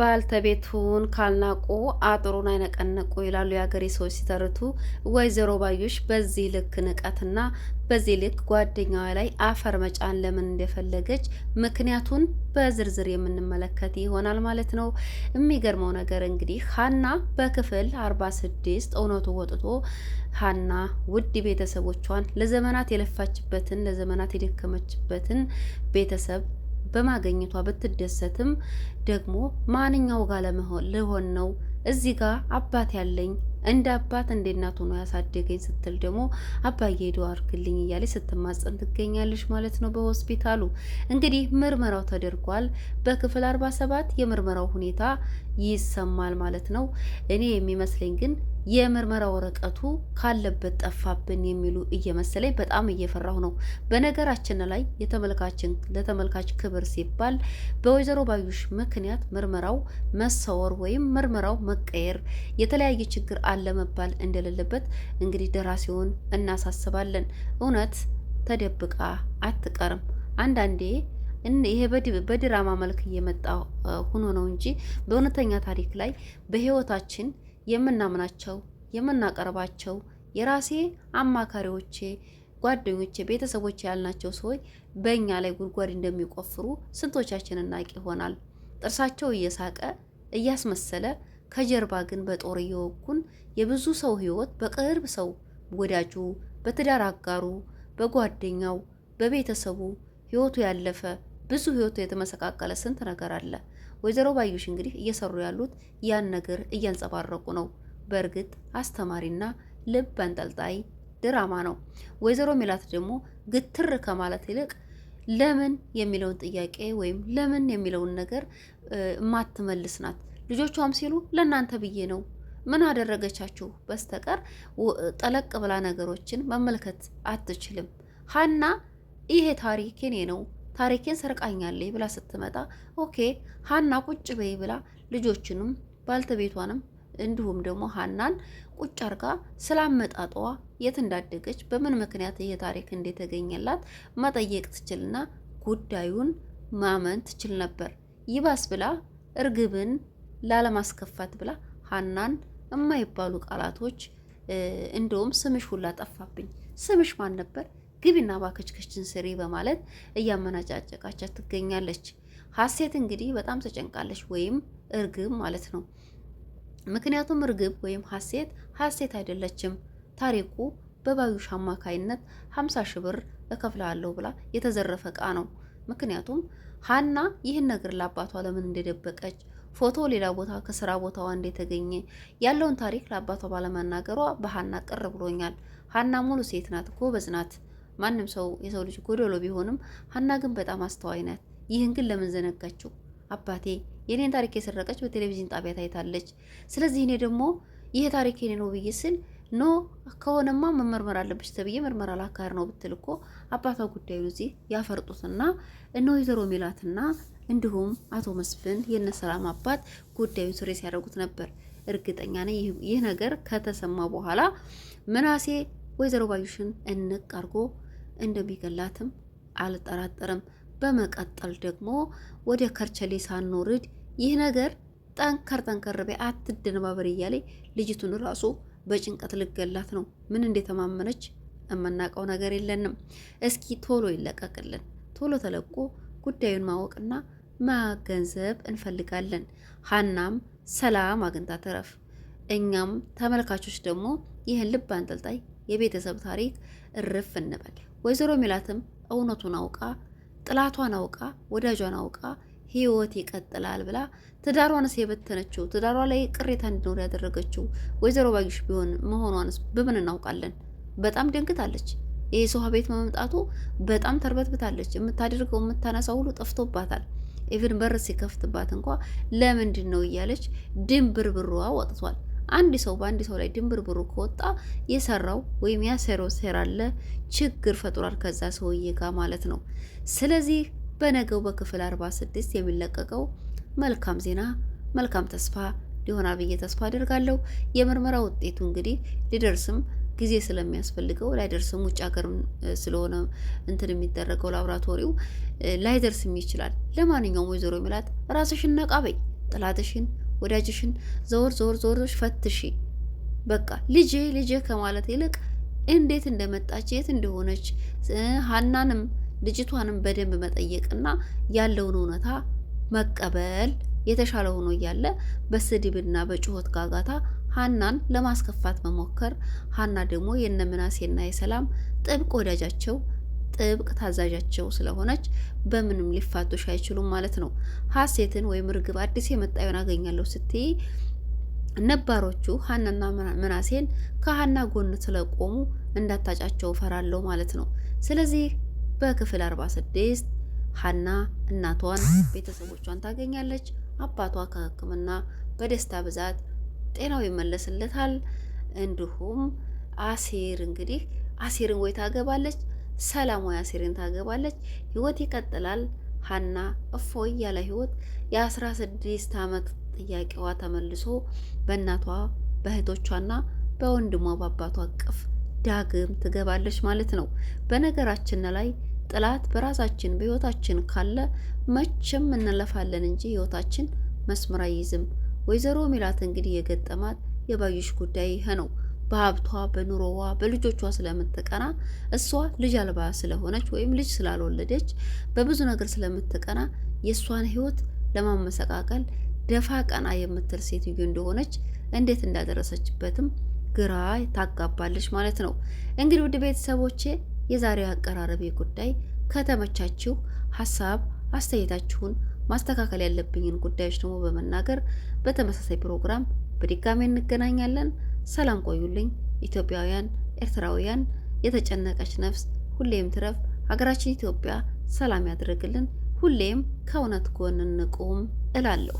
ባልተቤቱን ካልናቁ አጥሩን አይነቀንቁ ይላሉ የሀገሪ ሰዎች ሲተርቱ። ወይዘሮ ባዮሽ በዚህ ልክ ንቀትና በዚህ ልክ ጓደኛዋ ላይ አፈር መጫን ለምን እንደፈለገች ምክንያቱን በዝርዝር የምንመለከት ይሆናል ማለት ነው። የሚገርመው ነገር እንግዲህ ሀና በክፍል 46 እውነቱ ወጥቶ ሀና ውድ ቤተሰቦቿን ለዘመናት የለፋችበትን ለዘመናት የደከመችበትን ቤተሰብ በማገኘቷ ብትደሰትም ደግሞ ማንኛው ጋር ልሆን ነው እዚህ ጋር አባት ያለኝ እንደ አባት እንደ እናት ሆኖ ያሳደገኝ ስትል ደግሞ አባዬ ሄዶ አድርግልኝ እያለች ስትማጸን ትገኛለች ማለት ነው። በሆስፒታሉ እንግዲህ ምርመራው ተደርጓል። በክፍል 47 የምርመራው ሁኔታ ይሰማል ማለት ነው። እኔ የሚመስለኝ ግን የምርመራ ወረቀቱ ካለበት ጠፋብን የሚሉ እየመሰለኝ በጣም እየፈራሁ ነው። በነገራችን ላይ የተመልካችን ለተመልካች ክብር ሲባል በወይዘሮ ባዩሽ ምክንያት ምርመራው መሰወር ወይም ምርመራው መቀየር የተለያየ ችግር አለመባል እንደሌለበት እንግዲህ ደራሲውን እናሳስባለን። እውነት ተደብቃ አትቀርም አንዳንዴ ይሄ በድራማ መልክ እየመጣ ሁኖ ነው እንጂ በእውነተኛ ታሪክ ላይ በህይወታችን የምናምናቸው የምናቀርባቸው የራሴ አማካሪዎቼ፣ ጓደኞቼ፣ ቤተሰቦቼ ያልናቸው ሰዎች በእኛ ላይ ጉድጓድ እንደሚቆፍሩ ስንቶቻችን እናቅ ይሆናል። ጥርሳቸው እየሳቀ እያስመሰለ ከጀርባ ግን በጦር እየወጉን የብዙ ሰው ህይወት በቅርብ ሰው ወዳጁ፣ በትዳር አጋሩ፣ በጓደኛው፣ በቤተሰቡ ህይወቱ ያለፈ ብዙ ህይወቱ የተመሰቃቀለ ስንት ነገር አለ። ወይዘሮ ባዩሽ እንግዲህ እየሰሩ ያሉት ያን ነገር እያንጸባረቁ ነው። በእርግጥ አስተማሪና ልብ አንጠልጣይ ድራማ ነው። ወይዘሮ ሜላት ደግሞ ግትር ከማለት ይልቅ ለምን የሚለውን ጥያቄ ወይም ለምን የሚለውን ነገር የማትመልስ ናት። ልጆቿም ሲሉ ለእናንተ ብዬ ነው ምን አደረገቻችሁ በስተቀር ጠለቅ ብላ ነገሮችን መመልከት አትችልም። ሀና ይሄ ታሪክ የኔ ነው ታሪኬን ሰርቃኛለች ብላ ስትመጣ ኦኬ ሀና ቁጭ በይ ብላ ልጆችንም ባልተቤቷንም እንዲሁም ደግሞ ሀናን ቁጭ አርጋ ስላመጣጧ የት እንዳደገች በምን ምክንያት ይሄ ታሪክ እንደተገኘላት መጠየቅ ትችልና ጉዳዩን ማመን ትችል ነበር። ይባስ ብላ እርግብን ላለማስከፋት ብላ ሀናን የማይባሉ ቃላቶች እንደውም ስምሽ ሁላ ጠፋብኝ። ስምሽ ማን ነበር? ግቢና ባከችከችን ስሪ በማለት እያመናጫጨቃቻት ትገኛለች። ሀሴት እንግዲህ በጣም ተጨንቃለች፣ ወይም እርግብ ማለት ነው። ምክንያቱም እርግብ ወይም ሀሴት ሀሴት አይደለችም። ታሪኩ በባዩሽ አማካይነት ሀምሳ ሺህ ብር እከፍላለሁ ብላ የተዘረፈ እቃ ነው። ምክንያቱም ሀና ይህን ነገር ለአባቷ ለምን እንደደበቀች ፎቶ ሌላ ቦታ ከስራ ቦታዋ እንደተገኘ ያለውን ታሪክ ለአባቷ ባለመናገሯ በሀና ቅር ብሎኛል። ሀና ሙሉ ሴት ናት፣ ጎበዝ ናት። ማንም ሰው የሰው ልጅ ጎደሎ ቢሆንም ሀና ግን በጣም አስተዋይ ናት። ይህን ግን ለምን ዘነጋችው? አባቴ የኔን ታሪክ የሰረቀች በቴሌቪዥን ጣቢያ ታይታለች። ስለዚህ እኔ ደግሞ ይህ ታሪክ የኔ ነው ብዬ ስል ኖ ከሆነማ መመርመር አለብሽ ተብዬ ምርመራ ላካሄድ ነው ብትል እኮ አባቷ ጉዳዩ እዚህ ያፈርጡትና እነ ወይዘሮ ሚላትና እንዲሁም አቶ መስፍን የነሰላም አባት ጉዳዩን ስሬ ሲያደርጉት ነበር። እርግጠኛ ነኝ ይህ ነገር ከተሰማ በኋላ ምናሴ ወይዘሮ ባዩሽን እንቅ አድርጎ እንደሚገላትም አልጠራጠርም። በመቀጠል ደግሞ ወደ ከርቸሌ ሳንወርድ ይህ ነገር ጠንከር ጠንከር በይ አትደነባበር እያለ ልጅቱን ራሱ በጭንቀት ልገላት ነው። ምን እንደተማመነች የምናውቀው ነገር የለንም። እስኪ ቶሎ ይለቀቅልን። ቶሎ ተለቆ ጉዳዩን ማወቅና ማገንዘብ እንፈልጋለን። ሀናም ሰላም አግኝታ ትረፍ። እኛም ተመልካቾች ደግሞ ይህን ልብ አንጠልጣይ የቤተሰብ ታሪክ እርፍ እንበል። ወይዘሮ ሚላትም እውነቱን አውቃ ጥላቷን አውቃ ወዳጇን አውቃ ህይወት ይቀጥላል ብላ ትዳሯንስ የበተነችው ትዳሯ ላይ ቅሬታ እንዲኖር ያደረገችው ወይዘሮ ባዩሽ ቢሆን መሆኗንስ በምን እናውቃለን? በጣም ደንግታለች። ይህ ሰው ቤት መምጣቱ በጣም ተርበትብታለች። የምታደርገው የምታነሳው ሁሉ ጠፍቶባታል። ኢቭን በር ሲከፍትባት እንኳ ለምንድን ነው እያለች ድንብርብሯ ወጥቷል። አንድ ሰው በአንድ ሰው ላይ ድንብርብሩ ከወጣ የሰራው ወይም ያሰረው ሴራ አለ ችግር ፈጥሯል ከዛ ሰውዬ ጋር ማለት ነው። ስለዚህ በነገው በክፍል 46 የሚለቀቀው መልካም ዜና መልካም ተስፋ ሊሆናል ብዬ ተስፋ አደርጋለሁ። የምርመራ ውጤቱ እንግዲህ ሊደርስም ጊዜ ስለሚያስፈልገው ላይደርስም ውጭ ሀገር ስለሆነ እንትን የሚደረገው ላብራቶሪው ላይደርስም ይችላል። ለማንኛውም ወይዘሮ ሚላት ራስሽን ነቃ በይ፣ ጥላትሽን ወዳጅሽን ዘወር ዘወር ዘወሮች ፈትሺ። በቃ ልጄ ልጄ ከማለት ይልቅ እንዴት እንደመጣች የት እንደሆነች ሀናንም ልጅቷንም በደንብ መጠየቅና ያለውን እውነታ መቀበል የተሻለ ሆኖ እያለ በስድብና በጩኸት ጋጋታ ሀናን ለማስከፋት መሞከር ሀና ደግሞ የነምናሴና የሰላም ጥብቅ ወዳጃቸው ጥብቅ ታዛዣቸው ስለሆነች በምንም ሊፋቶሽ አይችሉም ማለት ነው። ሀሴትን ወይም ርግብ አዲስ የመጣዩን አገኛለሁ ስትይ ነባሮቹ ሀናና ምናሴን ከሀና ጎን ስለቆሙ እንዳታጫቸው ፈራለሁ ማለት ነው። ስለዚህ በክፍል 46 ሀና እናቷን ቤተሰቦቿን ታገኛለች። አባቷ ከሕክምና በደስታ ብዛት ጤናው ይመለስለታል። እንዲሁም አሴር እንግዲህ አሴርን ወይ ታገባለች ሰላማዊ አሴርን ታገባለች። ህይወት ይቀጥላል። ሀና እፎይ ያለ ህይወት የአስራ ስድስት ዓመት ጥያቄዋ ተመልሶ በእናቷ በእህቶቿና በወንድሟ በአባቷ ቅፍ ዳግም ትገባለች ማለት ነው። በነገራችን ላይ ጥላት በራሳችን በህይወታችን ካለ መቼም እንለፋለን እንጂ ህይወታችን መስመር አይይዝም። ወይዘሮ ሚላት እንግዲህ የገጠማት የባዩሽ ጉዳይ ይሄ ነው። በሀብቷ በኑሮዋ በልጆቿ ስለምትቀና እሷ ልጅ አልባ ስለሆነች ወይም ልጅ ስላልወለደች በብዙ ነገር ስለምትቀና የእሷን ህይወት ለማመሰቃቀል ደፋ ቀና የምትል ሴትዮ እንደሆነች እንዴት እንዳደረሰችበትም ግራ ታጋባለች ማለት ነው። እንግዲህ ውድ ቤተሰቦቼ የዛሬው አቀራረቤ ጉዳይ ከተመቻችሁ ሀሳብ አስተያየታችሁን ማስተካከል ያለብኝን ጉዳዮች ደግሞ በመናገር በተመሳሳይ ፕሮግራም በድጋሚ እንገናኛለን። ሰላም ቆዩልኝ። ኢትዮጵያውያን፣ ኤርትራውያን፣ የተጨነቀች ነፍስ ሁሌም ትረፍ። ሀገራችን ኢትዮጵያ ሰላም ያድርግልን። ሁሌም ከእውነት ጎን እንቁም እላለሁ።